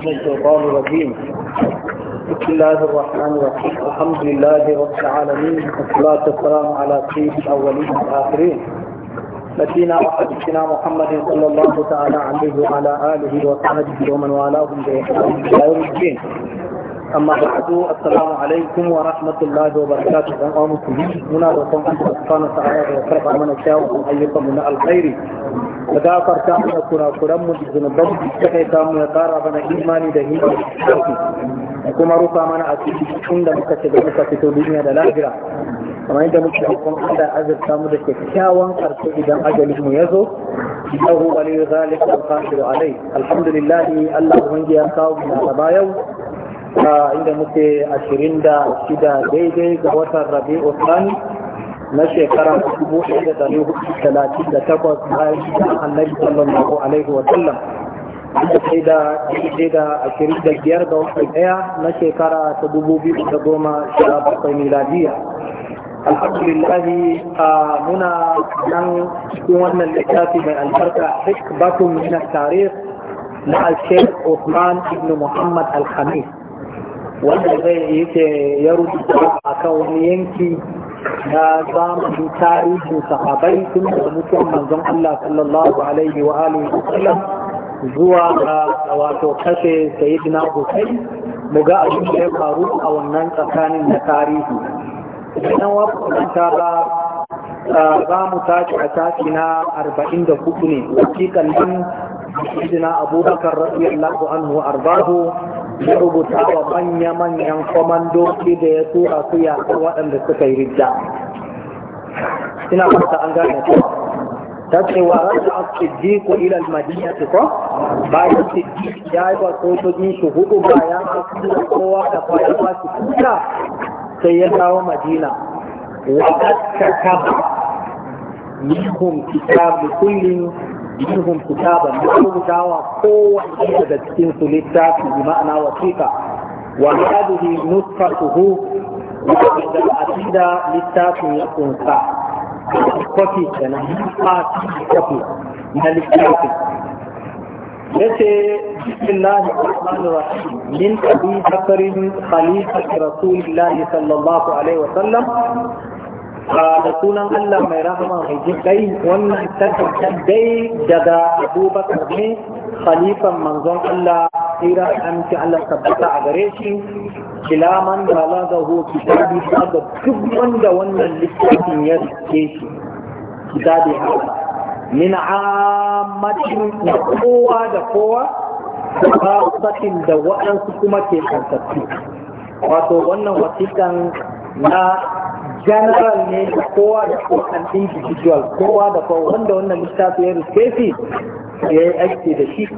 من الشيطان الرجيم بسم الله الرحمن الرحيم الحمد لله رب العالمين والصلاة والسلام على سيد الأولين والآخرين نبينا وحبيبنا محمد صلى الله تعالى عليه وعلى آله وصحبه ومن والاهم بإحسان إلى يوم الدين أما بعد السلام عليكم ورحمة الله وبركاته أنا مسلم هنا رسول الله سبحانه وتعالى وفرق أمن الشاو وأيضا من الخير لقد أفرت أن أكون أكرم من الزنبان بسكيت يقار أبنى إيماني دهين أكون أروف أمن أكيد عند مكتب مكتب الدنيا للاجرة أما عند مكتبكم أنت أزل تامد كشاو أرسل إذا أجل ميزو إنه ولي ذلك القاتل عليه الحمد لله الله من جي أرسل من أبايو inda muke 26 daidai ga watan rabi'u sani na shekarar dubu bayan shiga annabi sallallahu alaihi wa sallam da daidai da ashirin da biyar ga watan ɗaya na shekara ta da miladiya alhamdulillah muna nan cikin wannan littafi mai albarka hikbatun min tarikh na al-Sheikh ibn Muhammad al wanda zai yake ya rubuta a kan wani yanki na zamanin tarihin sahabai tun da mutum manzon Allah sallallahu alaihi wa alihi wa sallam zuwa ga wato kashe sayyidina Hussein mu ga abin da ya faru a wannan tsakanin na tarihi idan wa ta ba za mu tashi a tashi na arba'in da hudu ne wakilan nan sayyidina Abubakar radiyallahu anhu arbahu ya rubuta wa manya-manyan kwamandoki da ya tura su yaƙar waɗanda suka yi rijja ina fata an gane ta ta ce wa rasa a ku ilal madina ta ko bayan siddiku ya yi wa sojojin shi hudu bayan a kuma kowa da bayan ba su kuta sai ya dawo madina wa kaskaka minhum kitabu kullum منهم كتابا منهم كتابا قوة إذا تنسوا للتاكي بمعنى وثيقة وهذه نسخته وعند العقيدة للتاكي يكون صح kofi kenan kofi kofi na littafi ya ce bismillah ar-rahman ar-rahim min abi bakr khalifat rasulillah sallallahu alaihi wa sallam da sunan Allah mai rahama mai jin kai wannan tattalin dai daga abubakar ne khalifan manzon Allah tsira da aminci Allah tabbata a gare shi kilaman da lagahu kitabi ga duk wanda wannan littafin ya rike shi kitabi haka min ammatin na kowa da kowa da da waɗansu kuma ke kantattu wato wannan wasiƙan na general ne da kowa da kowane individual kowa da kowa wanda wannan littafi ya rufe shi ya yi aiki da shi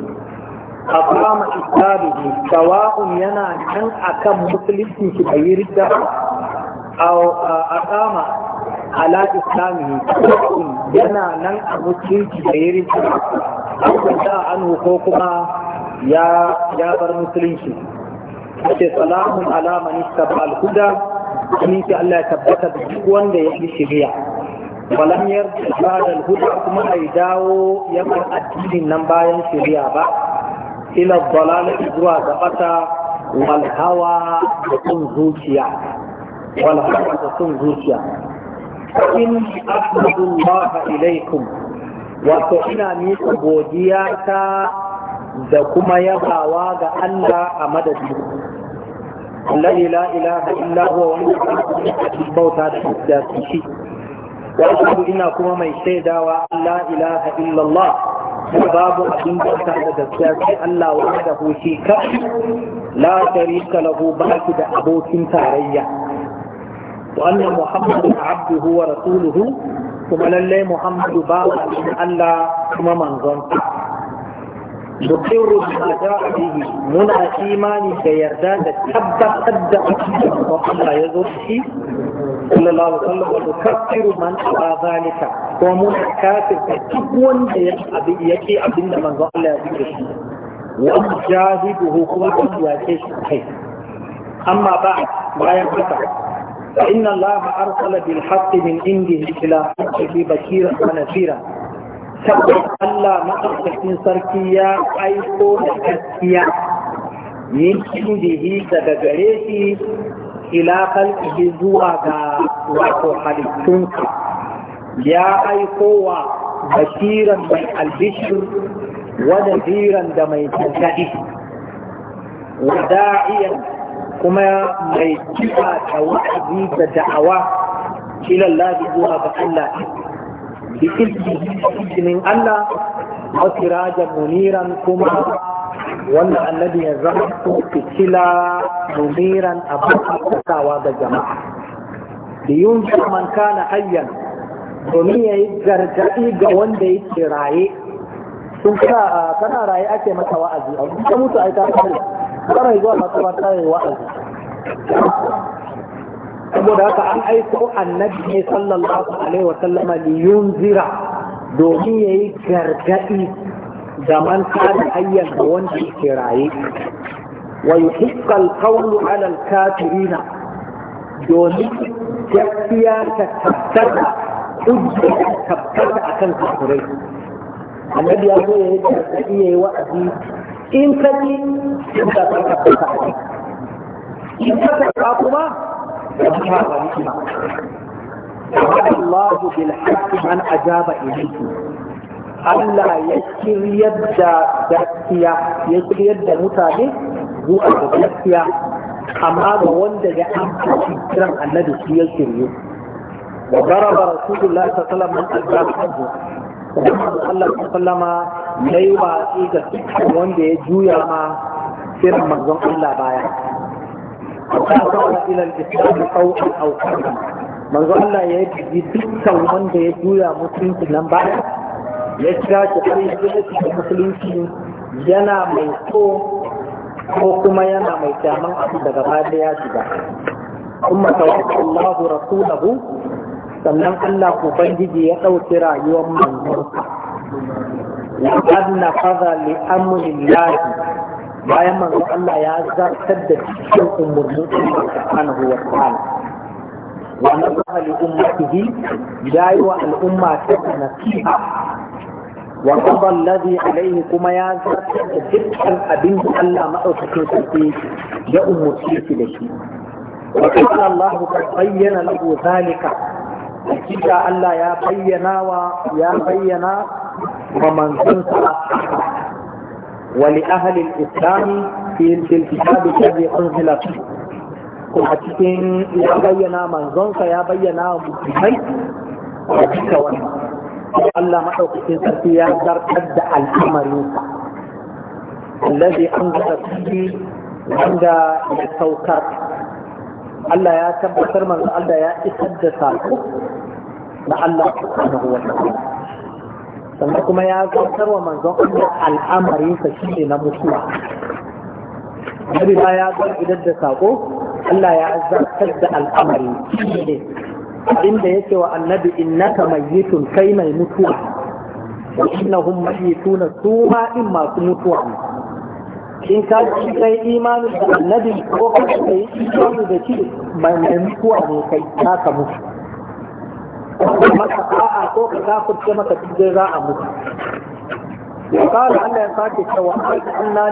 a kama ne sawa'un yana nan akan musulunci su bayi rida a kama ala islami yana nan a musulunci bai yi ridda a an ko kuma ya bar musulunci. Ake salamun ala man istaba al aminci Allah ya tabbata da duk wanda ya yi shirya falam yarda ba'da huda kuma ai dawo ya bar addinin nan bayan shirya ba ila dalalati zuwa ga bata wal hawa da sun zuciya wal hawa da sun zuciya in Allah ilaikum wato ina miƙa godiya ta da kuma yabawa ga Allah a madadin الذي لا إله إلا هو بوتا تحدثي وأشهد إن كما ما يشهد لا إله إلا الله باب أبين بوتا تحدثي الله وحده شيك لا شريك له باكد أبو تنتاريا وأن محمد عبده ورسوله ثم لله محمد بابا الله ثم منظمته nukiru da muna kimani da yarda da tabbatar da wa Allah ya zo ciki sallallahu alaihi wa sallam man ta zalika ko mun kafir da duk wanda ya abi yake abin da manzo Allah ya zikir shi wa jahiduhu kuma ku amma ba bayan haka fa inna Allah arsala bil haqqi min indihi ila bakira wa nasira tabbas Allah maɗaukakin sarki ya aiko da gaskiya min indihi daga gare shi ila kalbihi zuwa ga wato halittunsa ya aiko wa bashiran mai albishir wa nadiran da mai tantaɗi wa da'iyan kuma mai kiba da wa'azi da da'awa ilallahi zuwa ga Allah kuma wanda وسراجا منيرا zama su الذي muniran كتلا منيرا ga تساوى جماعة لينجر man كان حيا domin ya yi gargaɗi ga wanda yake raye sun sa kana raye ake mata wa'azi a duk mutu a ita kare kana zuwa kasuwa ta yi wa'azi saboda haka an aiko annabi ne sallallahu alaihi wa sallama li yunzira domin yayi gargadi da man kada ayyan da wanda yake raye wa yuhiqqa al-qawlu 'ala al-kafirina domin gaskiya ta tabbata hujja ta tabbata akan kafirai annabi ya zo yayi gargadi yayi wa'azi in ka kaji in ka tabbata in ka tabbata kuma الله بالحق من أجاب إليه Allah ya shiryar da gaskiya ya shiryar da mutane zuwa da gaskiya amma ga wanda ya amfani kiran annabi shi ya shirye wa daraba rasulullahi sallallahu alaihi wasallam Allah sallama yi watsi ga wanda ya juya ma kiran manzon Allah baya فأقرأ إلى الإسلام طوعا أو كرها manzo Allah ya yi dukkan wanda ya juya musulunci nan ba ya kira shi har ya da musulunci yana mai so ko kuma yana mai kyaman abu daga baya ya shiga kuma tawaffa Allah rasulahu sannan Allah ubangiji ya ɗauki rayuwar manzon ya anna fadha li amri Allah bayan manzon Allah ya zartar da cikin umurnin Allah subhanahu wa ta'ala wa nasaha li ummatihi yayi wa al'umma ta nasiha wa qada alladhi alayhi kuma ya zartar da dukkan abin da Allah madaukakin sarki ya umurce shi da shi wa qala Allah qad bayyana lahu zalika hakika Allah ya bayyana wa ya bayyana wa manzon sa ولأهل الإسلام في الكتاب الذي أنزل فيه كل يا بينا من زنك يا بينا مجمي وحكا وانا الله محوك سنسكي يا در قد الأمر الذي أنزل فيه عند التوكر الله يا تبكر من الله يا إسد ساكو لعله سبحانه وتعالى sannan kuma ya zartar wa manzon Allah al'amarinsa shi ne na mutuwa Nabi ma ya zan idan da saƙo. Allah ya zartar da al'amari shi ne inda yake wa annabi innaka mayyitun kai mai mutuwa wa innahum mayyituna su ma in masu mutuwa ne in ka ci kai imanin da annabi ko ka yi imani da shi mai mutuwa ne kai ka mutu ko ka kafirce maka duk dai za Allah ya sake cewa an kanna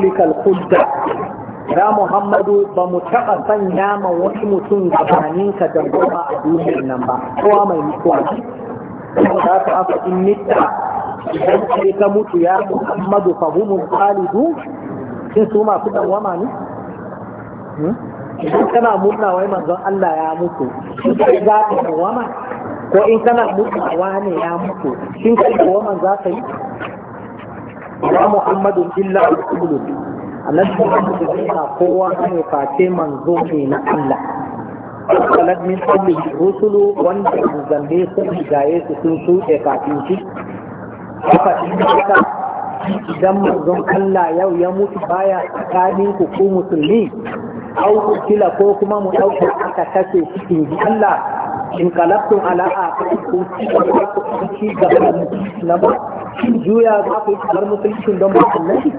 li Muhammadu ba mu taba sanya ma wasu mutum gabanin ka da goma a duniyar nan ba. Kowa mai mutuwa. Da ta aka in nita idan kai ka mutu ya Muhammadu fa humul qalidu. su ma fitan ne? Hmm? idan kana murna wai manzon Allah ya mutu kai za ka ko in kana murna wani ya mutu shin kai man za ka yi wa Muhammadu illa rasulun annabi Muhammadu ina kowa ne face manzo ne na Allah kalat min kulli rusulu wanda zambe sun gaye su sun shuɗe kafin shi haka haka idan manzon Allah yau ya mutu baya tsakanin ku ku musulmi au kila ko kuma mu ɗauka aka kashe shi Allah in kalabtum ala aqaikum ci gaba da mutunci na ba juya za ku yi kamar mutuncin don ba annabi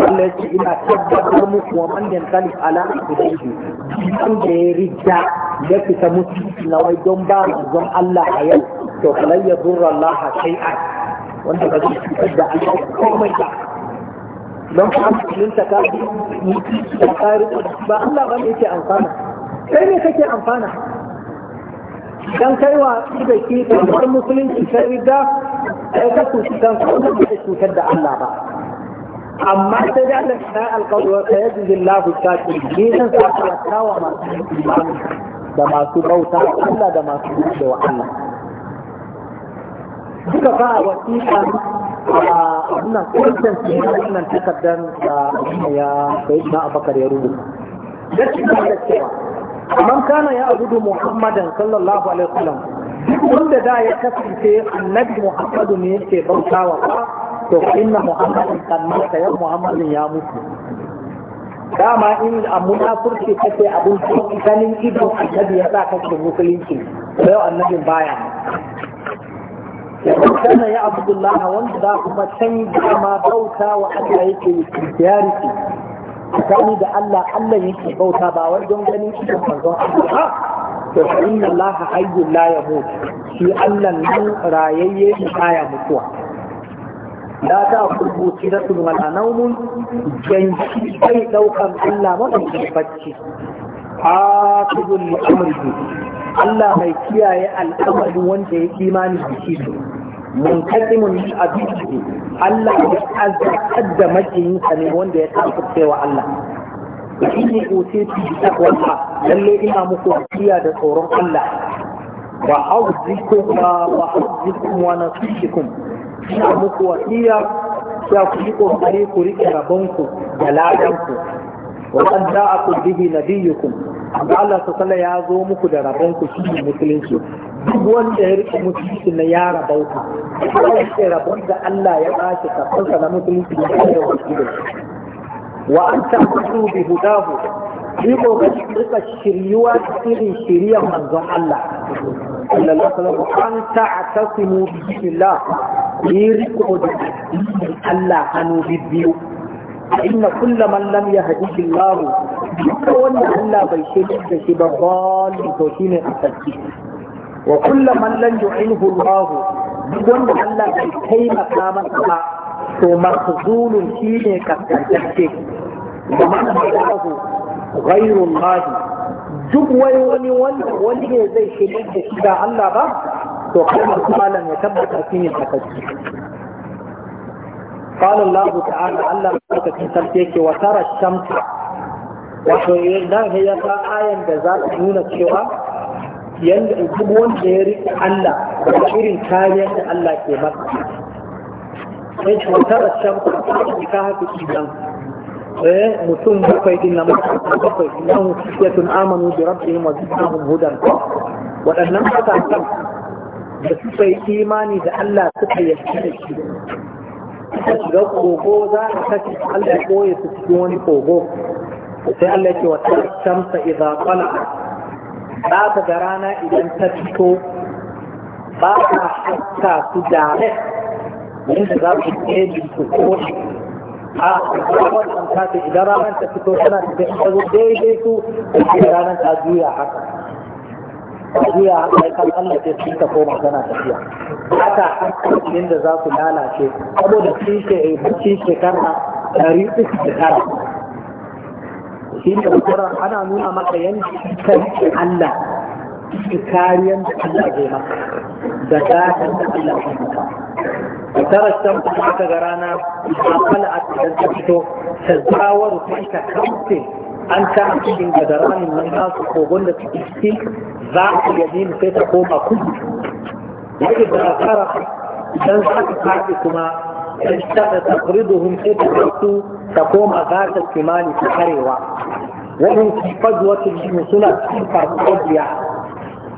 Allah ya ce ina tabbatar muku wa man yankali ala aqaikum wanda ya rija ya fita mutunci na wai don ba zan Allah a yau to kalayya durra Allah shay'an wanda ba zai fitar da Allah komai ba don ku amfanin ta ka mutu ba Allah ba ne yake amfana kai ne kake amfana dan kai wa da ke kamar musulunci ta riga kai ka ku dan ku da cutar da Allah ba amma sai da Allah ta alƙawari wa sayyidu Allahu shakir ne san sa ta wa masu imani da masu bauta Allah da masu da wa Allah duka ba a wasiƙa a wannan kwanciyar cikin wannan takardar da ya sai na abakar ya Ya da ba da cewa man kana ya abudu muhammadan sallallahu alaihi wasallam wanda da ya kasance annabi muhammadu ne yake bautawa to inna muhammadin kan mata ya muhammadin ya mutu dama in a munafurci kace abun ganin ido annabi ya sa kake musulunci yau annabin baya kana ya abdullah wanda da kuma can dama bauta wa Allah yake yariki tsakani da Allah Allah yake bauta ba wajen ganin shi manzon Allah to inna Allah hayyul la yamut shi Allah nan rayayye ne mutuwa Da ta kulbu tiratun wal anawmun janji kai daukan Allah madan bacci hafizul amri Allah mai kiyaye al'amari wanda ya imani da shi ne munkasimun bi abidi Allah ya azza da makiyinsa ne wanda ya tafi cewa Allah inni utitu bi taqwallah lalle ina muku kiya da tsoron Allah wa auzikum wa auzikum wa nasikum ina muku wasiya Sha ku yi kokari ku rike rabonku da ladanku wa qad ja'akum bihi nabiyyukum Allah ta sallah ya zo muku da rabon ku shi musulunci duk wanda ya rike musulunci na ya rabauta Allah ya rabon da Allah ya bashi kafansa na musulunci ya kai wa shi wa an ta'budu bi hudahu shi ko ka rika shiryuwa cikin shiriyar manzon Allah sallallahu alaihi wasallam an ta'tasimu bi Allah yi riko da Allah bi biyu inna kulla man lam yahdihi Allah duka wanda Allah bai shirya da shi ba dalil to shine wa kulla man lam yu'inhu duk wanda Allah bai taimaka masa ba to shine duk wani wani wanda wani ne zai shirya da shi ba Allah ba to kuma malam ya tabbata shine asali قال الله تعالى الله مكتب سرتيك وترى الشمس وحيرنا Allah آية irin نون da Allah ke maka? وغير كارية الله كما وترى الشمس كاها في الشمس mutum bakwai din na bakwai nan siyatun amanu bi rabbihim wa zidnahum hudan waɗannan matakan da suka yi imani da Allah suka yi da shi suka shiga kogo za a kashe Allah ya koye su cikin wani kogo sai Allah ke wata shamsa idza qala za ta ga rana idan ta fito ba ta haska su dare inda za su tsaye su koshi a kawar an ta idan ranar ta fito tana da ta zo daidai su da ranar ta juya haka tafiya sai kan Allah ke ta koma tana tafiya haka an kamfanin da za su lalace saboda sun ce bacci shekara ɗari uku da tara shi ne kura ana nuna maka yankan Allah kariyan da Allah zai maka da gatan da Allah zai maka tara can kuma ka ga rana a cikin da ta fito ta zawar ta kamfe an ta cikin gadaranin nan nasu kogon da suke ciki za su iya nemi sai ta koma kudu yake da asara idan za ta faɗi kuma ta tafriduhum sai ta kasu ta koma za ta kimani ta karewa wannan fajwatul jinnu suna cikin farfajiya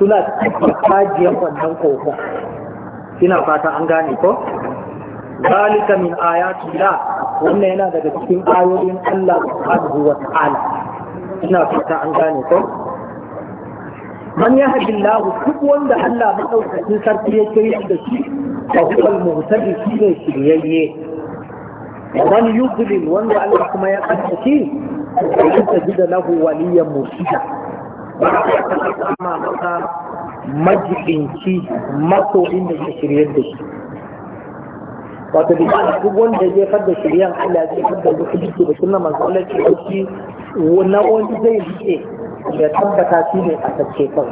suna cikin farfajiyar wannan kogon ina fata an gane ko ذلك من آيات الله وإن هنا ذلك من آيات الله سبحانه وتعالى ina fata an gane ko man ya haɗi lahu duk wanda Allah maɗaukakin sarki ya kiri da shi a hukumar muhtadi shi ne yayye man yuzlil wanda Allah kuma ya ƙasa shi in ta ji da lahu waliyan mursida ba ta kama maka majibinci maso inda ya shirye da shi wato shi duk wanda zai fadda shiryan Allah zai fadda musulunci da suna masu alaƙi a shi wannan wani zai rike da tabbata shi ne a sarki kan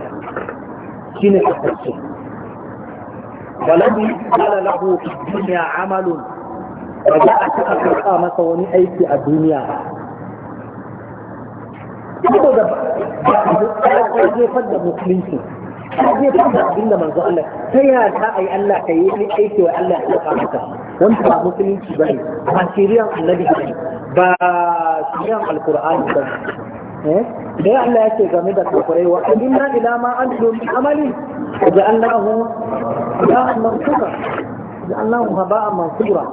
shi ne a sarki waladi ala lahu duniya amalun ba za a taɓa karɓa masa wani aiki a duniya ba da ba zai fadda musulunci ka je ka abinda abin da manzo Allah ta ya ta ai Allah kai ni aiki wa Allah ya ka maka wanda ba musulunci ne, ba shiriyan annabi ne, ba shiriyan alqur'ani ne. Eh? Da dai Allah yake game da kafirai wa inna ila ma antum amali da Allahu ya Allah kuka da Allahu haba'an mansura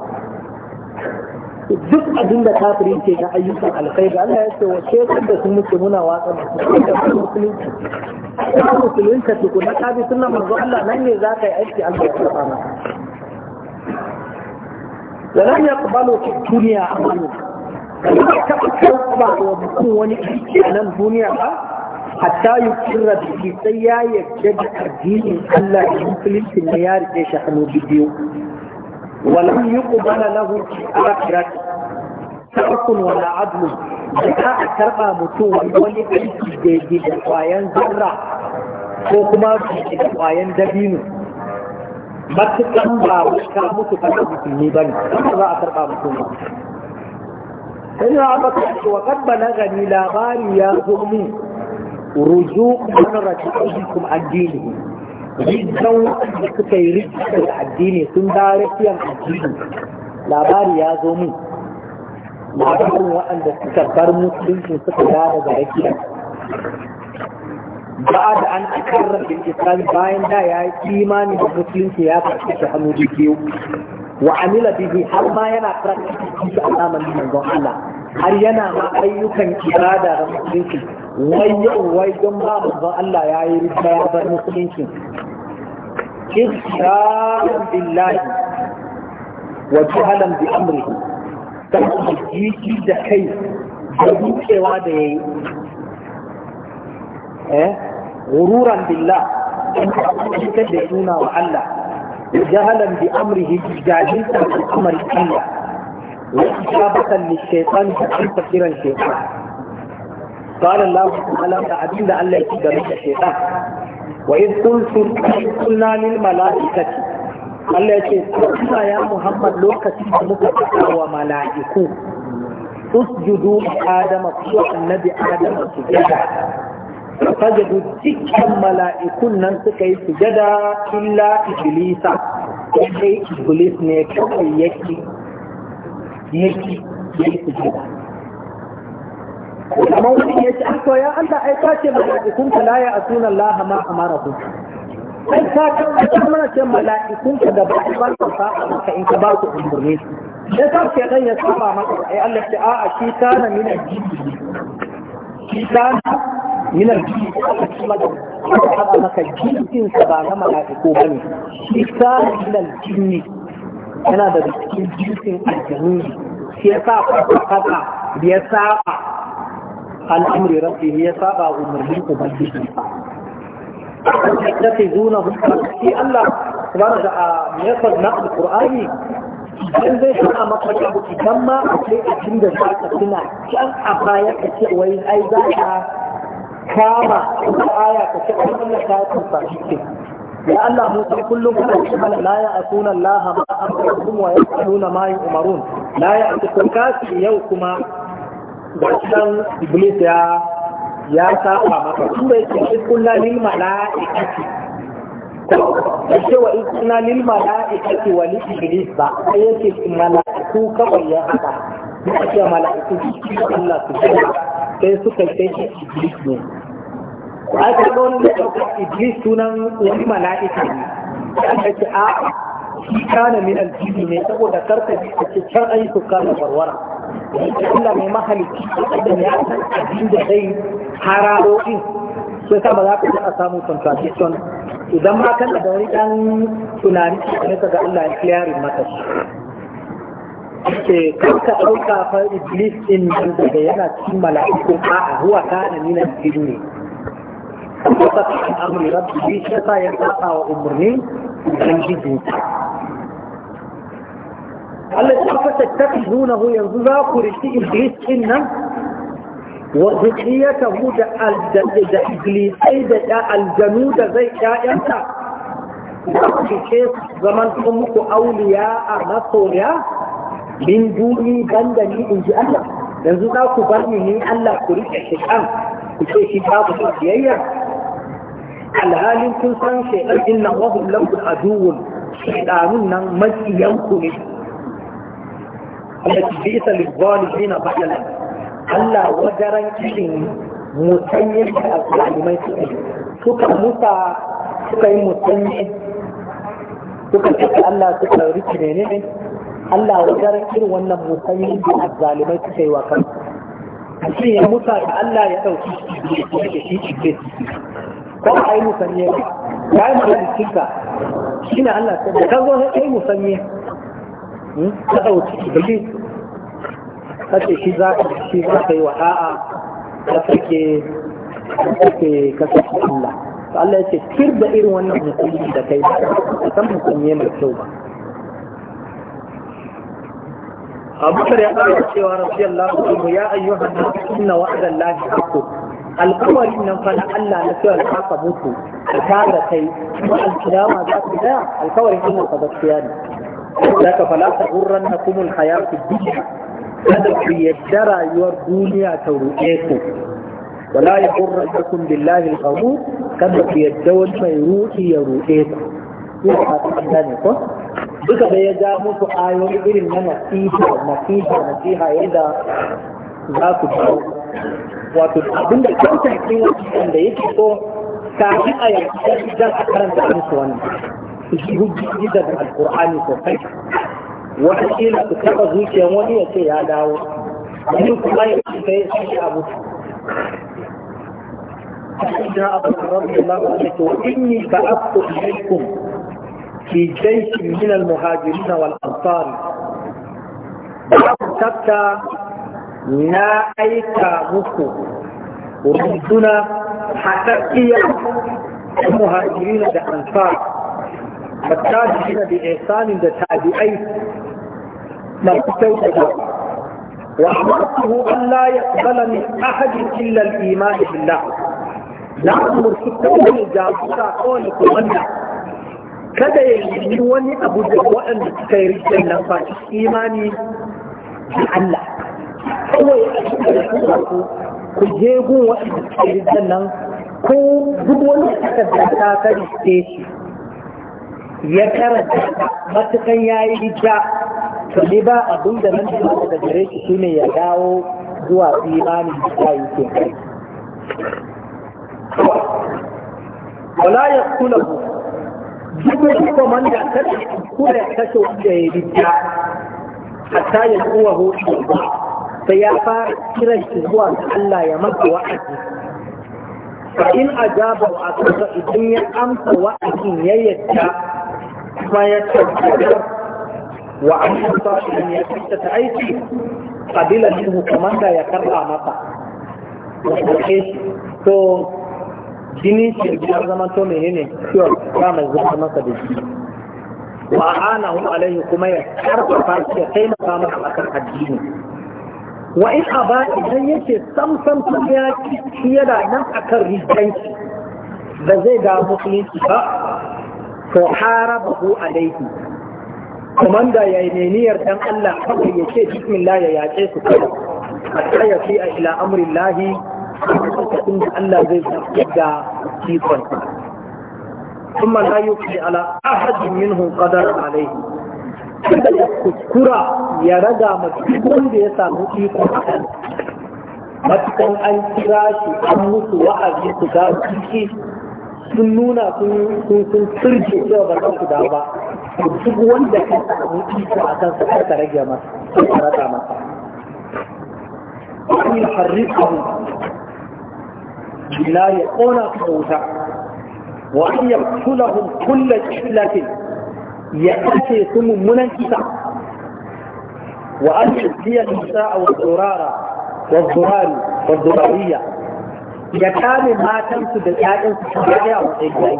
duk abin da kafiri ke na ayyukan alkhairi Allah ya ce wa wace da sun muke muna watsa musulunci ka musulunci tukuna ka bi sunan manzo Allah nan ne za ka yi aiki Allah ya tsara maka ولم يقبلوا في الدنيا عمله wani aiki a nan duniya ba hatta yi kirra biki sai ya yarda da addinin Allah da musulunci ne ya rike shi hannu biyu ولم يقبل له في الآخرة ترك ولا عدل da a karɓa mutum wani aiki daidai ƙwayan zarra ko kuma da ƙwayan dabino matuƙan ba ka mutu kan musulmi ba ne kuma za a karɓa mutum ba sai na abaka ce wa kan balagani labari ya zo mu ruju an raji'ukum addinihi rigan da suka yi rigan da addini sun ba rakiyar addini labari ya zo min labarin waɗanda suka bar musulunci suka da daga rakiyar ba da an akarra bil islam bayan da ya yi imani da musulunci ya karɓi shi hannu da biyu wa amila bihi har ma yana karɓi shi a zamanin manzon Allah har yana ma ayyukan ibada da musulunci wai yau wai don ba manzon Allah ya yi rika ya bar musulunci billahi wa bi ta jiki da kai da da yayi eh gururan billah da nuna wa Allah jahalan bi amrihi jahilta wa kiran قال الله تعالى أبين الله يتجمع الشيطان وإذ قلتم قلنا للملائكة الله يتجمع يا محمد لو كتب مكتب وملائكو اسجدوا لآدم فسوى النبي آدم سجدا فسجدوا دكا ملائكون ننسكي سجدا إلا إبليس إبليس نيكي يكي يكي يكي سجدا amma wani ya ce ah, to ya Allah ai ka ce mala'ikun ka la ya asuna Allah ma amarakum ai ka ce mana ce mala'ikun ka da ba su ba ka fa'a maka in ka ba su umurni ya sa ke dan ya saba maka ai Allah ce a'a shi kana min al-jinni shi kana min al-jinni ka haɗa maka jinsin sa ba na mala'iku ba ne shi kana min al-jinni yana da cikin jinsin aljanu shi ya sa ka kasa ya saba al'amri rabbihi ya saba umarnin ubangiji يتخذونه في الله سبحانه وتعالى يفضل نقل القرآني dan zai suna mafaka abu idan ma akwai abin da za ka suna can a baya ka ce wai ai za ka kama ta aya ka ce ai wannan ta yi kusa shi ya Allah mu sai kullum kana ce mana la ya asuna Allah ma amrukum wa yasaluna ma yu'marun la ya asuna kasi yau kuma wannan iblis ya ya saba maka kuma yake ikunna lil mala'ikati ko ce wa ikunna lil mala'ikati wa lil iblis ba sai yake mala'iku kawai ya haka yake mala'iku Allah ce sai suka kai iblis ne ce ka ne wani iblis sunan wani mala'ika ne aka ce a kana min aljihu ne saboda karka ce can ayi su kana warwara Allah mai mahalicci da ya san abin da zai hararo din sai sa ba za ka a samu contradiction idan ma kana da wani dan tunani ne ka ga Allah ya in maka shi ke kanka dauka fa iblis din da daga yana cikin mala'iku a'a huwa kana min al-jinni ko ta amri rabbi shi sa ya ta wa umurni dan jidu Allah ya nuna tattakizunahu yanzu za ku riki Iblis din nan wa zuriyatahu da aljanna da Iblisai da ya aljanu da zai ƴaƴanta za ku rike zaman kun muku auliya a masoya min duni banda ni in ji Allah yanzu za ku bar ni Allah ku rike shi kan ku ce shi babu biyayya alhalin kun san shaidan inna wahu lakum aduwwun shaidanun nan makiyanku ne التي بئس للظالمين بدلا Allah wadaran كشين متنين da al'alimai suka yi suka musa suka yi musanye suka cika Allah suka riki ne ne Allah wadaran irin wannan musanyen da al'alimai suka yi wa kan shi ya musa da Allah ya ɗauki shi cike ko a yi musanye ba ya yi musanye cinka shi ne Allah ta da ka zo ya yi musanye ka ɗauki iblis kace shi za ka shi za ka yi wa da kake kake kake Allah to Allah ya ce kir da irin wannan musulmi da kai san musulmi mai kyau ba Abu Bakar ya ƙara cewa radiyallahu anhu ya ayyuhan nas inna wa'dallahi haqqun alƙawarin nan fa na Allah na cewa ka mutu ka da kai kuma alkiyama za ku da alƙawarin Allah ka gaskiya ne zaka fala ta urrannakum alhayatu dunya kada ku yadda rayuwar duniya ta ruɗe ku wala ya kurra takun billahi al-qabu kada ku yadda wani mai ruɗi ya ruɗe ku ko a cikin gane ko duka da ya ja muku ayoyi irin na nasiha nasiha nasiha yadda za ku ji wato abin da kyauta ne wanda yake so kafin a yanzu idan a karanta musu wannan su ji hujji da alkur'ani sosai wataƙila su taɓa zuciyar wani ya ce ya dawo wani kuma ya ce kai sai abu سيدنا أبو رضي الله عنه وإني بعثت إليكم في جيش من المهاجرين والأنصار تبتا لا أيكا مكو ومدنا حتى إيا المهاجرين والأنصار والتابعين بإحسان التابعين ما استوجب وأمرته أن لا يقبل من أحد إلا الإيمان بالله لا أمر في التوحيد جابرا قولي كمانا kada ya yi wani abu da waɗanda suka yi rikin nan ba imani da Allah kawai a cikin da ku je gun waɗanda suka yi rikin nan ko duk wani da suka da ta riske shi ya karanta matukan ya yi hijja to ne ba abin da nan da daga gare shi ne ya dawo zuwa imanin da ya yi ke kai wala ya kula ku duk shi ko man da kashe kula ya kashe wanda ya yi hijja hatta ya kuwa hoto sai ya fara kiran shi zuwa ga Allah ya masa wa'azi فإن idan ya amsa wa'azin ya yadda. kuma ya tabbatar wa an kusa shi ya tabbata aiki kabila minhu kamanda ya karba masa ya dauke to jini ya zama to menene ciwon ba mai zuwa masa da shi wa ana hu alaihi kuma ya karfafa shi taimaka masa akan addini wa in aba idan yake samsam sun ya ci nan akan riganci ba zai ga musulunci ba to harabahu alaihi komanda ya yi neniyar dan Allah kawai ya ce bismillah ya yaƙe su kawai a tsaya fi a ila amrin lahi lokacin da Allah zai zafi da kifon ثم لا يقضي ala? أحد منهم قدر عليه kada ya kuskura ya raga matuƙin da ya samu iko a kan matuƙan an kira shi an mutu wa'azi su ga ciki sun nuna sun sun turje cewa ba za su dawo ba duk wanda ka samu iko a kan sa ka rage masa ka rata masa in harriqahu la yaqona ka wuta wa an yaqtulahum kullu qillatin ya kace su mummunan kisa wa an yusiya nisa'a wa durara wa durari wa durariya ya kame matansu da ƴaƴansu su ga a matsayin yayi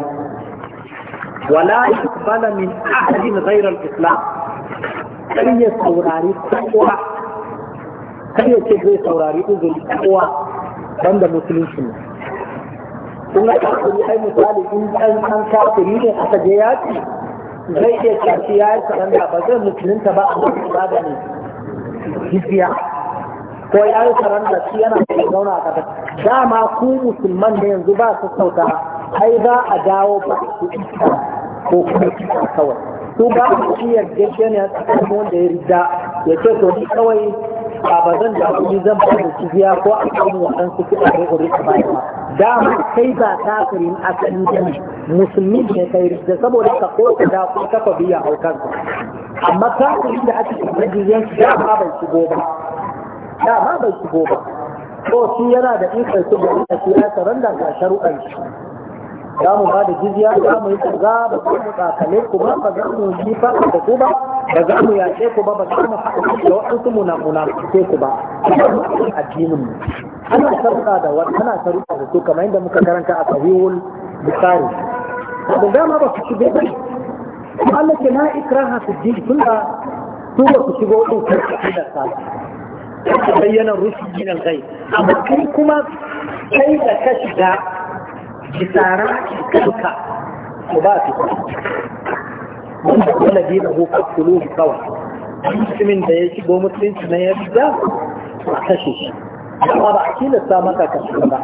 wala yuqbala min ahadin ghayra al-islam kar ya saurari kowa kar ya ce zai saurari uzuri kowa banda musulunci ne kun ga kafiri ai misali in ɗan an kafiri ne aka je yaki zai iya kafi ya yi ba zai musulunta ba a musulunta ba ne jibiya ko ya yi saranda shi yana da zauna a ƙasa dama ku musulman da yanzu ba su sauka ai za a dawo ba su iska ko kuma iska kawai su ba su ne a tsakanin wanda ya rida ya ce to ni kawai ba ba zan da kuɗi zan ba da cibiya ko a kan waɗansu kuɗaɗe ko rika ba ba dama kai ba kafirin asali ne musulmi ne kai rida saboda ka ko ka da ko ka biya haukanka amma kafirin da ake kuma jiyan shi dama bai shigo ba dama bai shigo ba ko shi yana da ikon su da ita shi ya da ga sharuɗan shi za mu ba da jizya za mu yi kaza ba za mu tsakale ku ba ba za mu yi fata da ku ba ba za mu yaƙe ku ba ba za mu haɗa da waɗansu muna muna ce ku ba addinin mu ana sharuɗa da wata ana sharuɗa da su kamar yadda muka karanta a sahihul bukhari da dama ba su shige ba Allah ke na ikraha fi din tunda su ba su shigo ɗin kai da sa ta bayyana rusul min al-ghaib amma kai kuma kai da ka shiga bisara kanka ko ba su wanda kuma dina ko kafulu kawai musulmin da ya shigo musulunci na ya shiga a kashe shi amma ba a tilasta maka kashe ba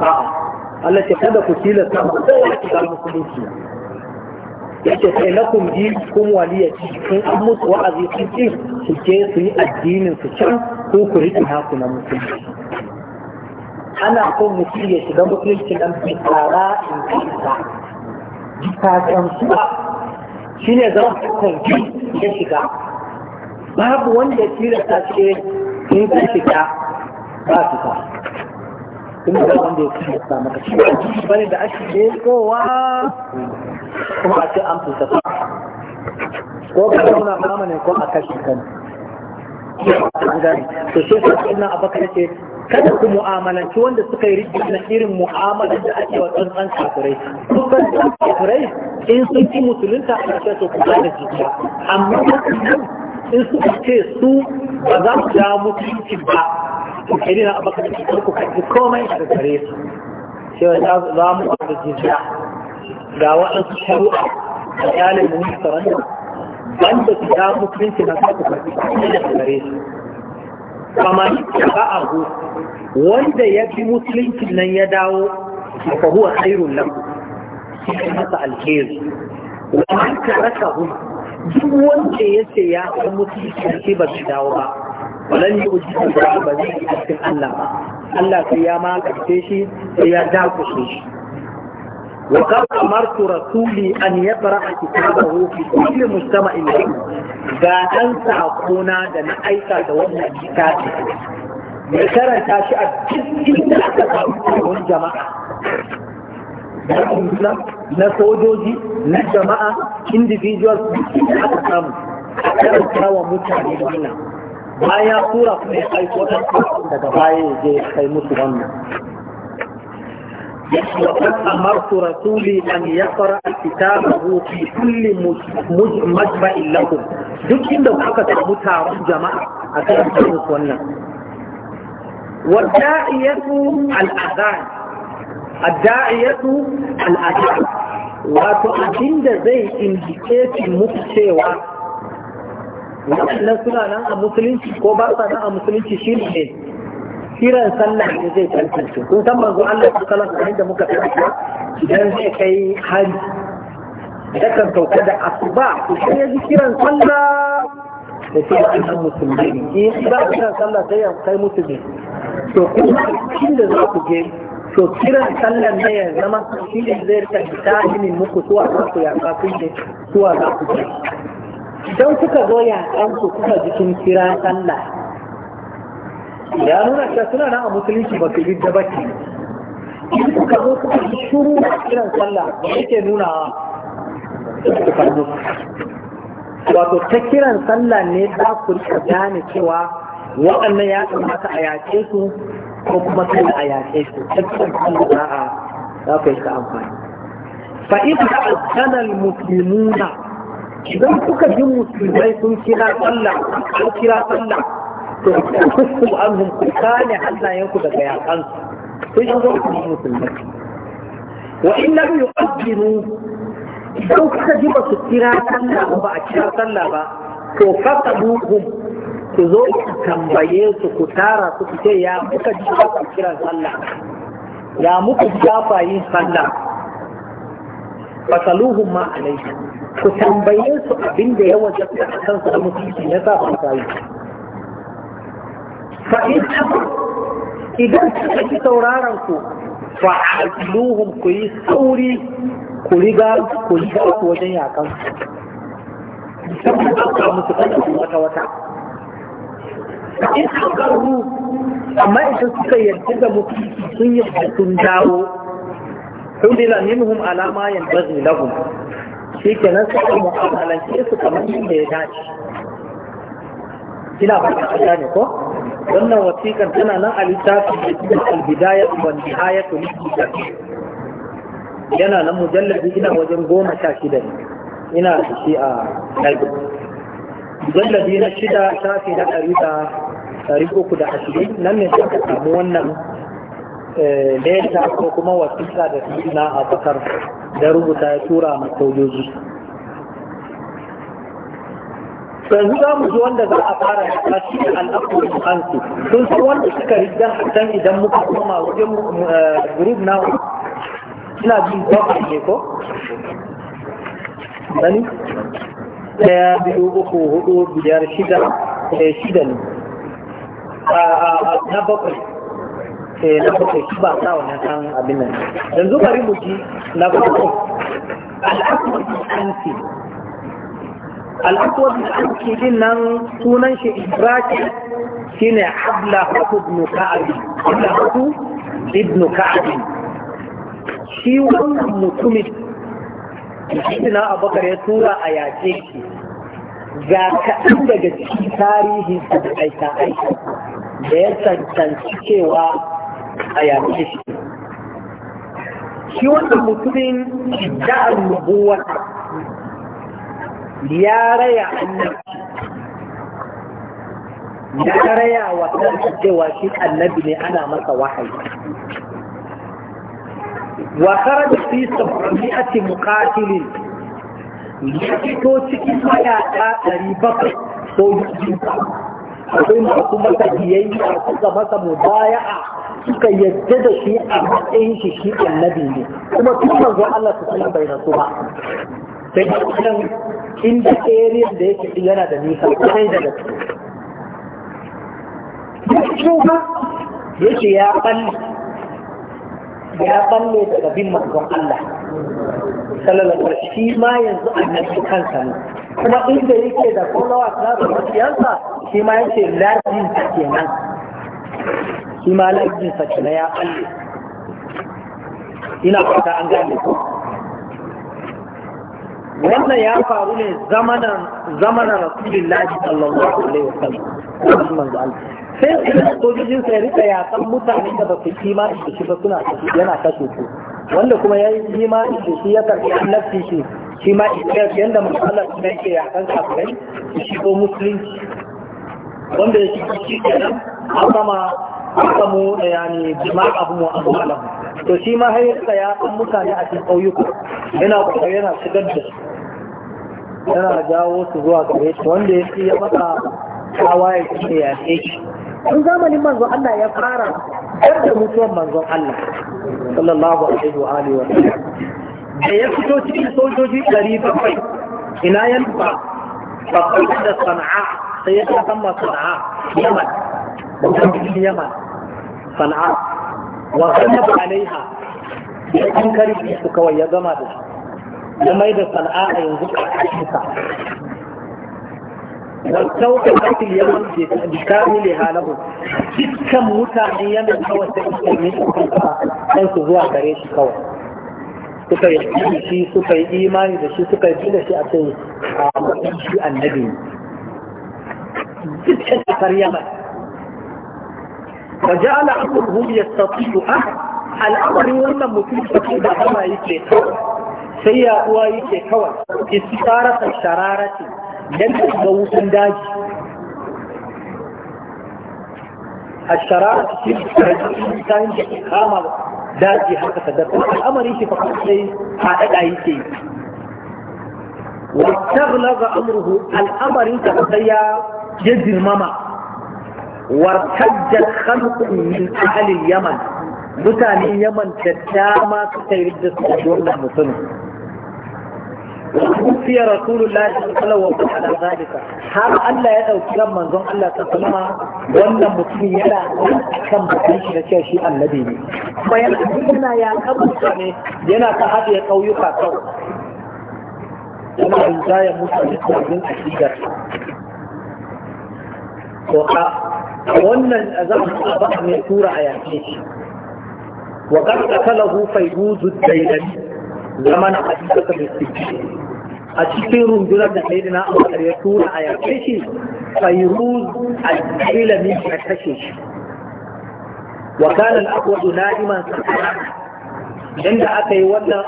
a'a Allah ce kada ku tilasta maka kowa shiga musulunci Yace sai na kun ji kun waliya kun an musu wa'azi sun ce su je su yi addinin su can ko ku riƙe naku na musulunci ana son mutum ya shiga musulunci nan bai tsara in kanta bisa gamsuwa shi ne zama kwanci ya shiga babu wanda ya ta ce eh, in ka shiga ba su ba kuma da wanda ya tilasta maka shi ba ne da ake kowa kuma a ce an fita ko ka zauna mamanin ko a kashe kan to sai ka ce ina abaka ce? kada ku mu'amalanci wanda suka yi rikici na irin mu'amalar da ake wa tsantsan kafirai dukkan tsantsan kafirai in sun ci musulunta a ce to kuma da jijiya amma in suka ce su ba za su ja mutunci ba to kai na abaka yake ku kai komai a gare su sai za mu da jijiya ga waɗansu shari'a da iyalin mu ne saranda banda su da mutunci na sa ku karɓi da gare su kamar ba a go wanda ya bi musulunci nan ya dawo a huwa khairul lahu shi masa alheri wa man tarakahum duk wanda ya ce ya san mutunci shi ba su dawo ba walan yi ujibu ba zai yi cikin Allah ba Allah sai ya magance shi sai ya dakushe shi وقد أمرت رسولي أن يقرأ كتابه في كل مجتمع da فأن سأكون دنا أيضا دون الكتاب ذكر تاشع جزء من جماعة na sojoji na jama'a individuals da aka samu a karanta wa mutane wannan bayan tura kuma ya aiko daga baya ya je kai musu wannan وقد أمرت رسولي أن يقرأ كتابه في كل مجمع لكم duk inda aka samu taron jama'a a kan musu wannan wadda'iyatu al'adhan adda'iyatu al'adhan wato abinda zai indicate muku cewa wannan suna nan a musulunci ko ba sa nan a musulunci shine kiran sallah ne zai tantance kun san manzo Allah ta sallah da inda muka tantance idan zai kai hari kan sauka da asuba sai ya ji kiran sallah da ce ya an musulmi ne eh, in ba kiran sallah sai ya kai musulmi to kuma kin da za ku je to kiran sallah ne ya zama shi ne zai rika tasirin muku suwa za ku yaƙa kun je suwa za ku je idan kuka zo ya ku kuka jikin kira sallah ya nuna cewa suna nan a musulunci ba su yi da baki in suka zo suka yi shuru a kiran sallah da yake nuna wato ta kiran sallah ne za ku rika gane cewa waɗannan ya kamata a yaƙe su ko kuma kada a yaƙe su ta kiran sallah za a za ku yi ta amfani fa idan azana al-muslimuna idan kuka ji musulmai sun kira sallah sun kira sallah to kusku anhum ku kane hannayenku daga yakan sun zo ku musulmai wa in lam yu'adhdhiru idan kuka ji ba su kira sallah ba a kira sallah ba to fasaduhum ku zo ku tambaye su ku tara su ku ce ya muka ji ba ku kira sallah ya muku jafa yin sallah fasaluhum ma alaikum ku tambaye su abinda ya wajabta a kansu da mutunci na sa ba فإنهم إذا كنت تورارنكم فعدلوهم كي سوري كريغا كريغا in amma idan suka yarda da mutum sun yi sun dawo hundila minhum alama yanbazi lahum shi ke nan sai su kamar yadda ya dace Kina ba ta ne ko wannan wasiƙan tana nan a littafin da suke albidaya wa nihaya to yana nan mujallabi ina wajen goma sha shida ne ina da shi a ɗaiɗu mujallabi na shida shafi na ɗari da ɗari uku da ashirin nan ne suka samu wannan eh, leta ko kuma wasiƙa da su na a bakar da rubuta ya tura ma sojoji yanzu za mu ji wanda za a fara da shi da al'akwai ansu sun san wanda suka rigar hatan idan muka koma wajen eh, group na ina jin zafi ne ko sani daya biyu uku hudu biyar shida eh, shida ne na bakwai eh, na bakwai shi ba sa wani kan abin nan yanzu bari mu ji na bakwai al'akwai ansu al'aswad da ake jin nan sunan shi Ibrahim, shine abla hatu ibn ka'ab abla hatu ibn ka'ab shi wannan mutumin Sayyidina Abubakar ya tura a yace shi ga kaɗan daga cikin tarihi da aika aika da ya cancanci cewa a yace shi. Shi wannan mutumin da nubuwar ya raya annabci ya raya wa cewa shi annabi ne ana masa wahayi wa kharaja fi sab'ati muqatilin ya fito cikin mayaka ɗari bakwai ko sojojin akwai masu masa biyayya suka masa mubaya'a suka yadda da shi a matsayin shi shi annabi ne kuma tun manzo Allah su sallan bai rasu ba sai ba. inda area da yake yana da nisa sai daga cikin yake ya balle ya balle daga bin manzon Allah sallallahu alaihi shi ma yanzu annabi kansa ne kuma inda yake da followers na da makiyansa shi ma yake ta ke kenan shi ma lafiyar sa kenan ya balle ina fata an gane ko wannan ya faru ne zamanan zamanan rasulullahi sallallahu alaihi wasallam manzo Allah sai idan sojojin sai rika yakan mutane da ba su imani da shi ba suna yana kashe su wanda kuma ya yi imani da shi ya karbi annabi shi shi ma yadda matsalar da yake yakan kafirai shi ko musulunci wanda ya shi shi kenan an sama an samu yani abu mu abu alam to shi ma har ya kan mutane a cikin ƙauyuka yana ƙoƙari yana shigar da su yana jawo su zuwa gare shi wanda ya ya maka kawa ya ce ya ce shi tun zamanin manzon Allah ya fara har da mutuwar manzon Allah sallallahu alaihi wa alihi wa da ya fito cikin sojoji ɗari bakwai ina Ba nufa babban da sana'a sai ya ta sama sana'a yaman babban yaman sana'a wa gannaba alaiha ya kankari su kawai ya gama da shi na mai da sana'a yanzu a kasa wasau ka kafin yawan ke bikami ne halahu dukkan mutane yamin kawai ta islami kan su zuwa gare shi kawai suka yi shi suka yi imani da shi suka yi da shi a cikin a matsayin shi annabi dukkan kasar yaman وجعل أمره يستطيع أحد الأمر وأن مسلم تقول ما يكفي sai yaduwa yake kawai ke su fara sa sharara ce don ta ga wutan daji a sharara ta ta rage su kama daji haka ta dafa al'amari shi fa kusurai a ɗaɗa yake yi wata ga amurhu ya je wartar da kanukun min ahalin yaman mutanen yaman da dama suka yi da su a duwannan kufiya rasulullahi sallallahu wa sallam zalika har Allah ya ɗauki ran manzon Allah sallallahu alaihi wasallam wannan mutum yana nan kan batun shi da cewa shi annabi ne kuma yana duna ya kabuta yana ta hadiya kauyuka kau yana da ya musu da tsarin a shigar to a wannan za mu ci gaba mai tura a yaƙe shi وقد قتله فيروز الديلمي زمن حديثة بالسجن أتخيرون دولة حيرنا وأريتون على الحشي فيروز الحيلة من الحشي وكان الأقوى نائما عند أتي ودى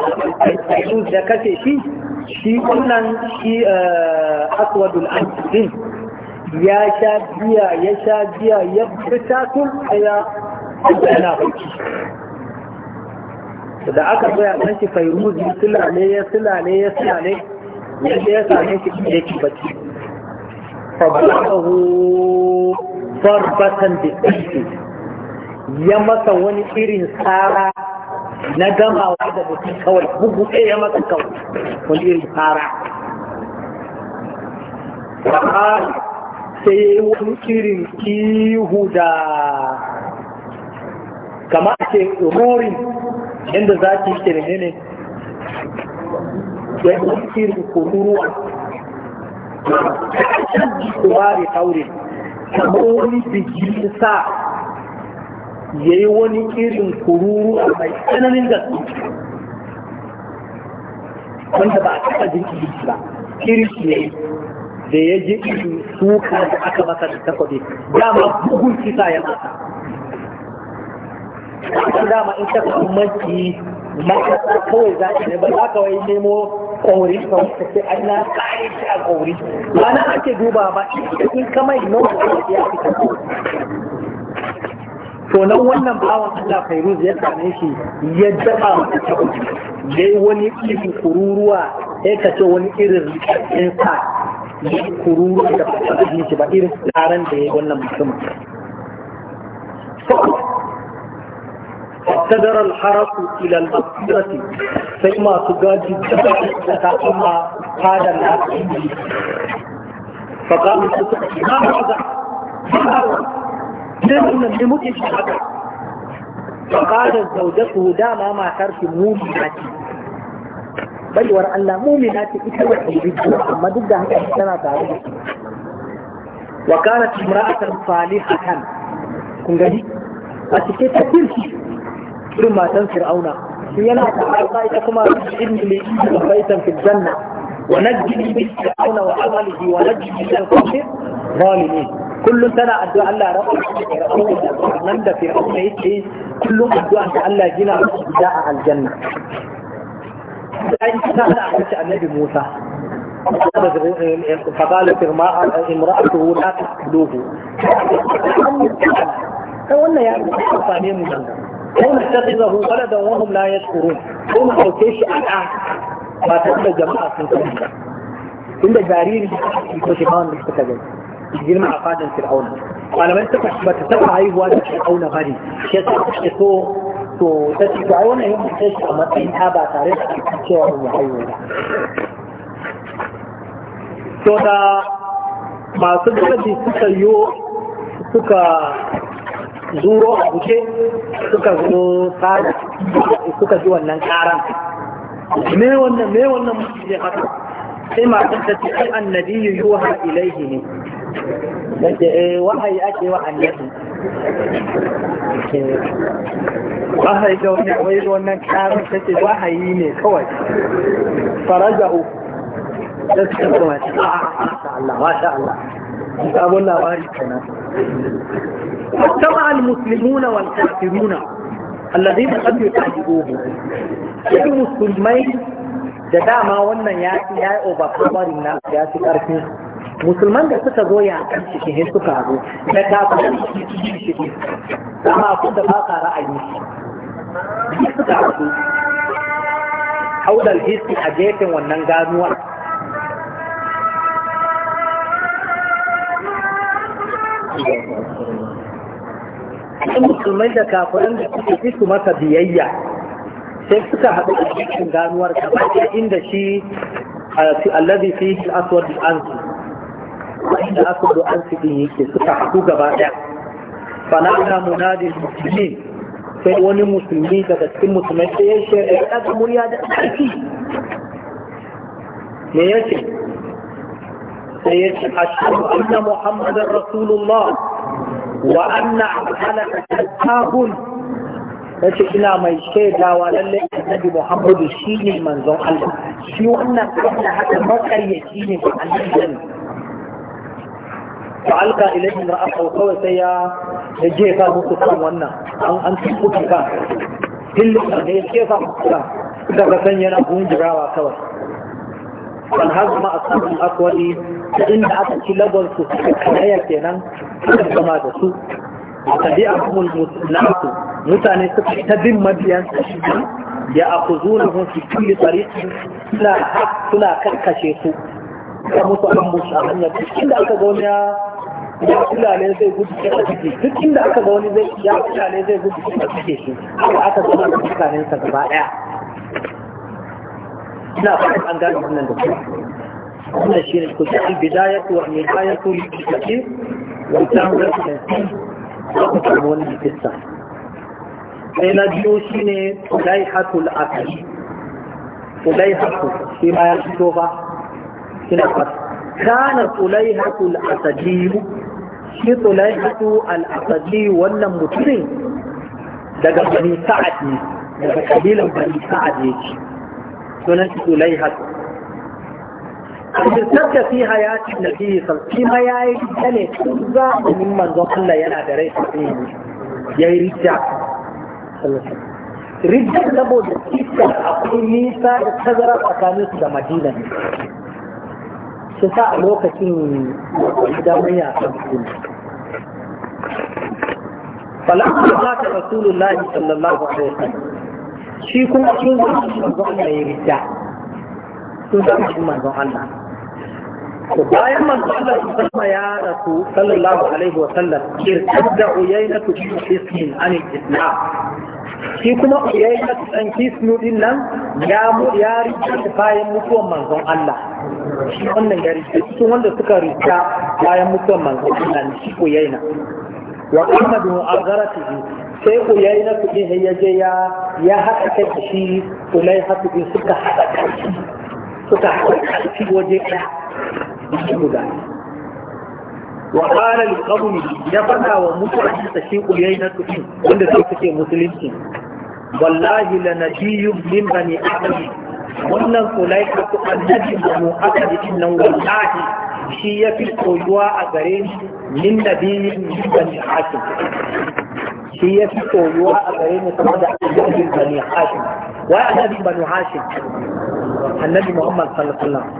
فيروز ذكتي شي شي قلنا شي أقوى الأنسين يا شادية يا شادية يبتاكم حيا أبنا بيكي da aka zoya ɗanshi fayyuzi sila ne ya sila eh, ne ya sila ne yadda ya same shi inda yake bacci fabarahu farbatan da ƙarfi ya masa wani irin tsara na gamawa da mutum kawai bugu ɗaya ya masa kawai wani irin tsara sai wani irin ihu da kama ce rorin yadda za ki ke ne يسير كفروا كبار حول كمولي بجلسة irin kururu كرورو wanda ba a taɓa ba irin ne da ya irin suka da aka masa da takwabe dama bugun kisa ya masa dama in ta kawai za ka ne ba za ka wai nemo kori ka wuce sai an na kare shi a kori ba na ake duba ba in kama tafiya a ya fita to nan wannan bawan Allah Fairuz ya same shi ya daba mata tabo dai wani irin kururuwa sai kace wani irin rikakken sa ya kururuwa da ba ta shi ba irin tsaron da ya wannan mutum فابتدر الحرس إلى المقصرة فيما الجبل لتعلم هذا العبد فقال ما هذا؟ ما هذا؟ لم نمكش هذا فقالت زوجته لا ما ما ترك مؤمناتي بل ورا ان مؤمناتي ita wata amma duk da haka tana tare da وكانت امرأة صالحة كنت a cikin tafiyar irin matan fir'auna shi yana da harka ita kuma inni li da baitan fil janna wa najjini bi fir'auna wa amalihi wa najjini min al-qawmi zalimin kullum tana addu'a Allah rabbana nan da fir'auna yake kullum addu'a ta Allah gina da a aljanna sai ta da annabi Musa فقالت امرأته لا تقتلوه. كان wannan ya amfane mu nan. كون اتخذه ولدا وهم لا يشكرون كون اوكيش اعلى ما تقبل جماعة من كونه ان جارير يتوشيخان يتكذب يجير مع قادة في الأولى وانا ما انتفع ما تتبع هاي هو في الأولى غالي شيطة تشكتو تو تشكتو عيونا يوم تشكتو ما تنحابا تاريخ شوى من يحيونا تو دا ما صدقتي سكا يو سكا zuro a buke suka zo tsara suka ji wannan karan me wannan me wannan mutum ne haka sai matan ta ce ai annabi yuha ilaihi ne eh wahayi ake wa annabi wahayi ga wani wai wannan karan ta ce wahayi ne kawai faraja'u da suka kuma ta Allah masha Allah abun labari kenan اجتمع المسلمون والكافرون الذين قد يتعجبوه المسلمين da dama wannan ya fi ya yi overpowering na ya fi ƙarfin musulman da suka zo ya kan ciki suka zo da kafin ciki amma kun da ba ka ra'ayi suka zo haudar hiski a gefen wannan ganuwa Thank you. sai musulmai da kafirin da suke fi su masa biyayya sai suka haɗu a cikin ganuwar gaba inda shi allazi fi aswad ansu inda aswad ansu din yake suka haɗu gaba ɗaya fanada munadin musulmi, sai wani musulmi daga cikin musulmai sai ya ce eh, ya ɗaga murya da ƙarfi me ya ce sai ya ce a shi anna muhammadan rasulullah wa anna halaka tahun yace ina mai shaidawa lalle annabi Muhammadu shine manzon Allah shi wannan Allah haka makaryaci ne ba annabi ne jefa إليهم رأسه wannan, an جيفا مكتبان وانا أن تكتبان هل يجيفا مكتبان إذا كان ينبون جراوا kawai. kan hazu ma asabul akwadi da inda aka ci labar su suka kenan suka gama da su tabi'ahum al-muslimatu mutane suka ta bin mabiyan su ya akhuzunahum fi kulli suna suna karkashe su musu a aka ga a duk inda aka ga ya zai gudu a ciki zama da mutanen gaba daya ina fatan an gane wannan da wannan shi ne kusa albidayatu wa nihayatu ko kitab wa ta'awwal al-kitab wa ta'awwal al-kitab sai na biyu shi ne fulaihatul akali fulaihatu shi ma ya fito ba shi na fata kana fulaihatul asadiyu shi fulaihatu al-asadiyu wannan mutumin daga bani sa'ad ne daga kabilan bani sa'ad yake sunan shi Zulaiha Kirtar da fi hayatin da fi shi ma ya yi ne tun za a min manzon Allah yana da rai tafiye ya yi rikta. Rikta saboda iskar akwai nisa da tazara tsakanin su da Madina ne. Su sa a lokacin damar yasan su فلما مات رسول الله صلى الله عليه وسلم shi kuma cikin zamanin manzo Allah ya rida sun shi manzo Allah to bayan manzo Allah su sama ya rasu sallallahu alaihi wa sallam irtadda na tu fi ismin an al-islam shi kuma uyayna tu dan kisnu din nan ya mu ya rida bayan mutuwan manzon Allah shi wannan ya rida su wanda suka rida bayan mutuwan manzon Allah ne shi uyayna wa amma bi mu'azaratihi sai ku yayi na kuɗi sai ya ya ya haɗa kai shi ku lai haɗu in suka haɗa kai suka haɗa kai waje ɗaya guda wa qala li qawmi ya faɗa wa mutane ta shi ku yayi na kuɗi wanda sai suke musulunci wallahi la nabiyyun min bani adam wannan kulaika ku annabi da mu aka jikin nan wallahi shi ya fi koyuwa a gare ni min nabiyyin min bani adam shi ya fi koyuwa a gare mu sama da annabin bani hashim wai annabin bani hashim annabi muhammad sallallahu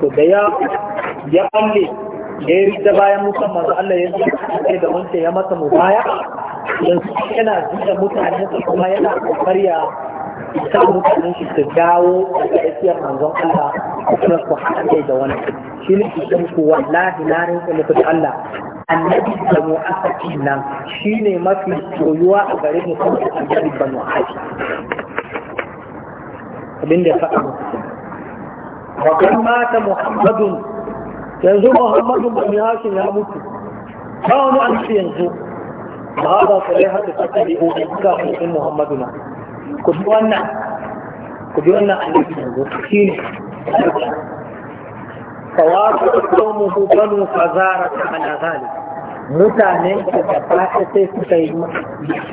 to da ya ya kalle da ya rita bayan musan masu Allah ya ce da wancan ya masa mu baya? yanzu yana zuwa mutane su kuma yana kokari ya isa mutanen shi su dawo daga isiyar manzon Allah kuma su haɗe da wani shi ne su wallahi na rinsa mutu Allah annabi banu asad nan shine mafi soyuwa a gare mu kuma annabi banu asad abinda ya faɗa musu wa kan mata muhammadun yanzu muhammadun banu hashim ya mutu ba mu an ce yanzu ba ba sai haka ta tabi o ga mutum muhammaduna ku bi wannan ku bi wannan annabi yanzu shine فواصل قومه بنو فزارة على ذلك mutanen da gaba sai suka yi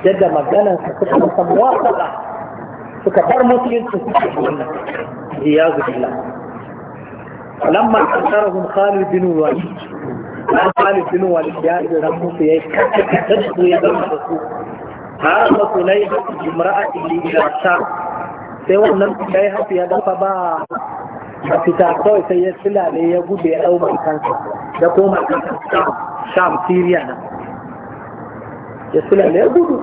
yadda maganar su suka masa muwafaka suka bar musulunci suka yi wannan ya zubila lamma kasarahum Khalid bin Walid an Khalid bin Walid ya yi ran musu ya yi kasar su ya zama da su har masu lai da imra'atin liliyar sai wannan yi hafi ya dafa ba a fita kawai sai ya ne ya gube ya ɗau kansa ya koma kansa sham siriya nan ya ne, ya gudu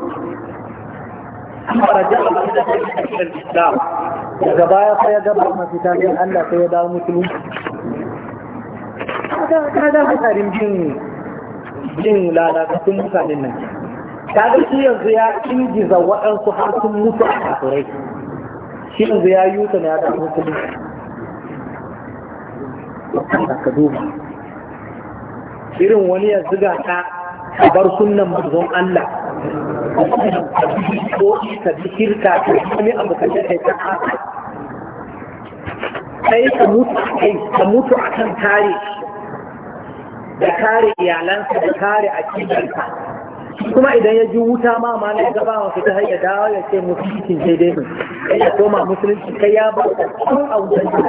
faraja islam daga baya sai ya gaba mafita din Allah sai ya dawo musulunci kada mutanen jin jin lalatattun mutanen nan ga shi yanzu ya ingiza waɗansu har sun mutu a kasurai shi yanzu ya yi wuta na ya musulunci ka duba irin wani ya ziga ta a bar sunnan manzon Allah ko ka bi ta ka wani abu ka ta kai ta kai ka mutu kai ka mutu akan kare da kare iyalansa da kare akidarka kuma idan ya ji wuta ma ma na gaba wa fita har ya dawo ya ce musulunci dai ne kai ya koma musulunci kai ya ba ka kun a wutar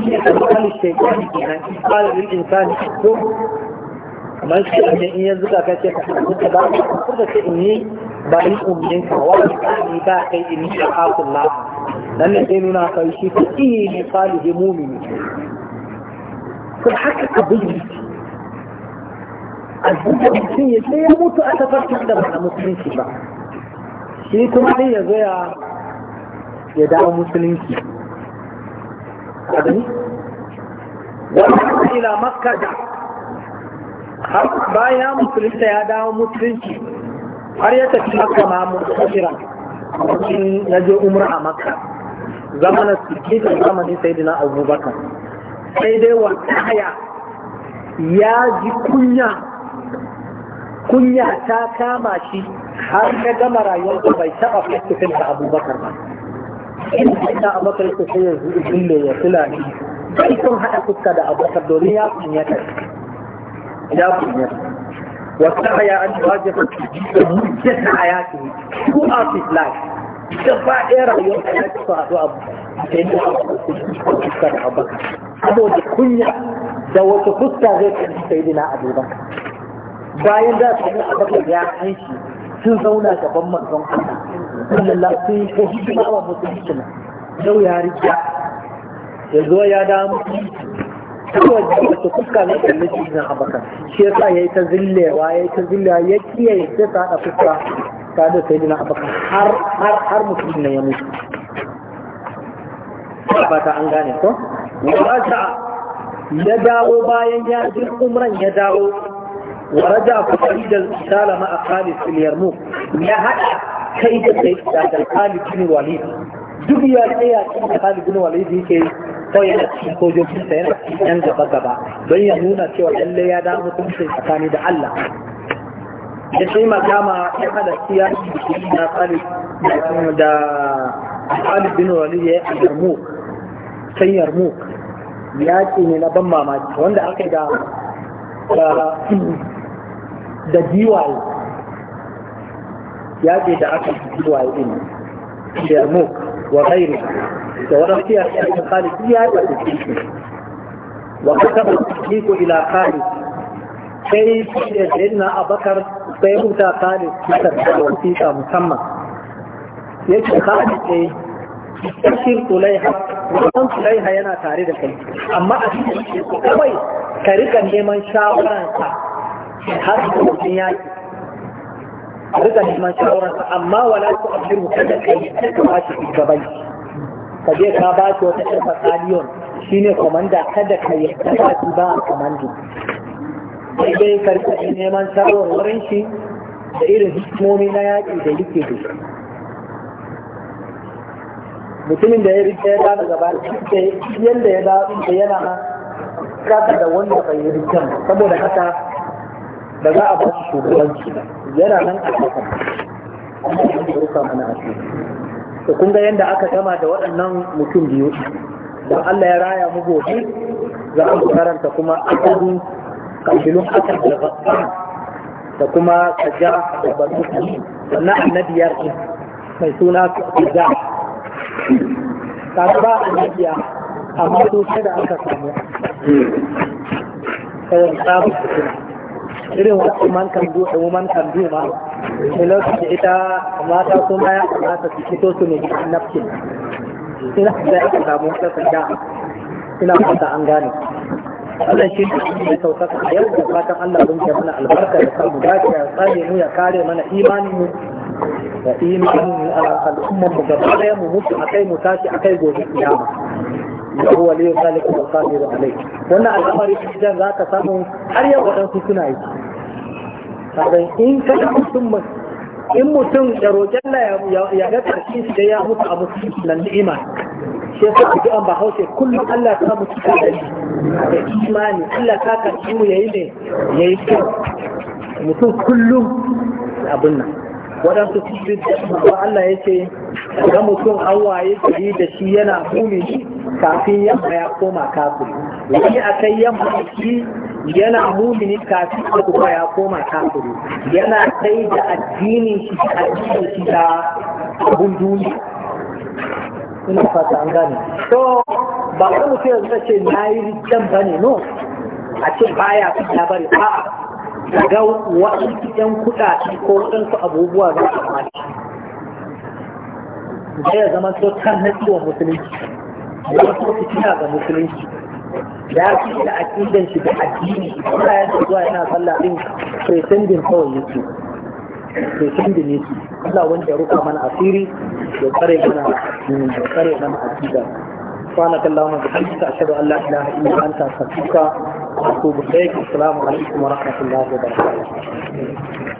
shi alƙali shaitan kenan qala lil insani ko kamar shi ne in yanzu ka kace ka kuka ba ku da in yi ba in ummin ka wa ni ba kai in sha Allah dan ne sai nuna kai shi ta ini salihi mu'mini kun haka kabiri azuka ya sai ya mutu musulunci wani ila makka da har bayan musulunta ya dawo musulunci har ya tafi makka ma musulunci na je umra a makka zamanin sikitin zamanin sai dina abubakar sai dai wata haya ya ji kunya kunya ta kama shi har ka gama rayuwarsa bai taɓa fasikin da abubakar ba inda abakar su sai ya zuɗi ya tula ne sai haɗa fuska da abakar domin ya kunyata ya kunyata wata ya an waje fa da mujjata a yaƙi ko a fitlai da ba ɗaya rayuwar ya yaƙi su haɗu abu da yi fuska da abakar saboda kunya da wata fuska zai kalli sai dina abubakar bayan za su yi abakar ya an sun zauna gaban manzon Allah sallallahu alaihi wasallam ko hikima wa musulunci na yau ya rija ya zo ya damu kawai da wata kuka na kalli cikin abakar shi yasa ya yi ta zillewa ya yi ta zillewa ya kiyaye sai ta haɗa kuka, ta da sai dina abakar har har har mutum ne ya mutu ba ta an gane ko wata ya dawo bayan ya jin umran ya dawo ورجع فقيد القتال مع خالد في اليرموك يا هذا kai da kai da duk ya tsaya cikin Khalid yake kawai yana cikin yana cikin yan gaba gaba don ya nuna cewa lallai ya da mutunci tsakani da Allah da sai magama ya hada siya da da ya yi sai ne na ban mamaki wanda aka yi da da giwaye yaƙi da aka zuwa yin shermuk wa gairu da wani fiya a cikin khalid ya da su wa kasaba ko ila khalid sai sayyidina abakar sai huta khalid kitar da wasiƙa musamman yake khalid ne tashir kulaiha, wannan kulaiha yana tare da kai amma a cikin kawai ka rika neman shawararsa har da mutum yaki a rika neman shawararsa amma wala su abin kada da kai, ka ba shi gabai ka je ka ba shi wata ɗan battalion shine komanda kada ka yi ka ba shi ba komando sai dai karka yi neman shawarwarin shi da irin hikimomi na yaƙi da yake da shi mutumin da ya rike ya dawo gaba da yadda ya dawo da yana kasa da wanda bai yi saboda haka ba za a ba shi shugabanci ba yana nan a kasan amma shi rufa mana a to kun ga yadda aka gama da waɗannan mutum biyu da Allah ya raya mu gobe za mu karanta kuma asalin kabilun akan da da kuma kaja da banu sannan annabiyar mai suna kaja ta ba annabiya amma su da aka samu kawai tsabar fitina irin wasu man kan do da kan do ma sai da ita mata sun ma ya su fito su ne nafsin ina da aka samu wata sanda ina fata an gane Allah shi ne saukaka a yau da fatan Allah bin ke mana albarka da samu dace ya tsare mu ya kare mana imanin mu da imanin mu al'ummar mu gaba daya mu mutu akai mu tashi akai gobe kiyama هو ولي ذلك القادر عليه وانا الامر اذا ذاك سامو هل يوجد سنة sabon in ka mutum in mutum da roƙen na ya ga karshen shi da ya mutu a mutum nan iman, shi yasa ku an ba haushe kullum Allah ta mutu ka da shi da imani Allah ta karshe mu yayi ne yayi kyau mutum kullum abin nan waɗansu cikin da Allah ya ce ga mutum an waye gari da shi yana kuni kafin yamma ya koma kafin wani a kai yamma shi yana mumini kafin da kuma ya koma kafiri yana sai da addinin shi addinin shi da abun duniya ina fata an gane to ba ko mutum ya ta ce na yi rikyan ba ne no a ce baya fi labari ba ga waɗansu ƴan kuɗaɗe ko waɗansu abubuwa ga kamata Zai ya zama so kan na ciwon musulunci da wasu fitina ga musulunci ya fi da aqidan shi da addini Allah ya zuwa yana sallah din sai sandin kawai yake sai sandin yake Allah wanda ruka mana asiri ya tsare mana ya tsare mana aqida سبحانك اللهم وبحمدك اشهد ان لا اله الا انت استغفرك واتوب اليك السلام عليكم ورحمه الله وبركاته